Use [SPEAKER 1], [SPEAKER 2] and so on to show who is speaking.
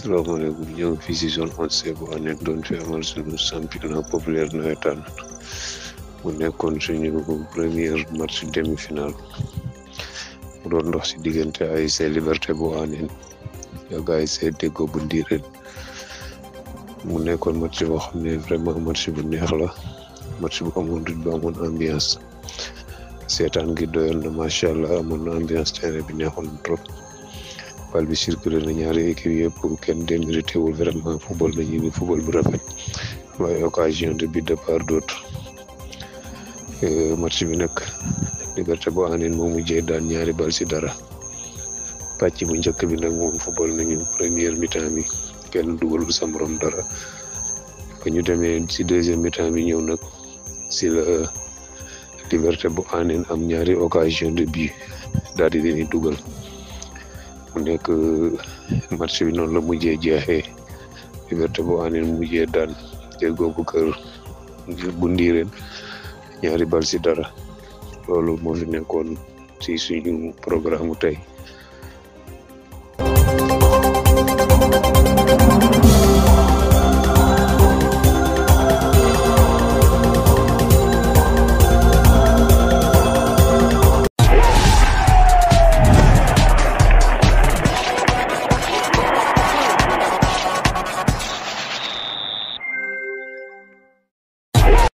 [SPEAKER 1] asalaamaaleykum ñëw fii si zone 11C bu ANET doon fi amal suñu championnat populaire nawetaan mu nekkoon suñu première match demi-finale mu doon ndox si diggante ASC Liberté bu ANET ak ASC Deggo bu Ndiréen mu nekkoon match boo xam ne vraiment bu neex la match bu amoon dut ba amoon ambiance seetaan gi doyoon na macha allah amoon na ambiance terrain bi neexoon trop. bal bi circulé na ñaari équipe yëpp kenn démérité wul vraiment football nañu football bu rafet waaye occasion de but de part d' autre euh, match bi nag liberté boo xam ne moom mujjee daan ñaari bal si dara pàcc bu njëkk bi nag moom football nañu première mi bi kenn dugalul sa morom dara ba ñu demee si deuxième mi-temps bi ñëw nag si la euh, liberté bu aaneen am ñaari occasion de bi daal di leen dugal mu nekk match bi noonu la mujjee jeexee Liberté bu anin mujjee daan jéego bu kër bu ndiireen ñaari bal si dara loolu moo fi nekkoon si suñu programme tey